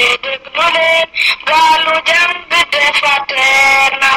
déglu leen gaalu jàng defateer na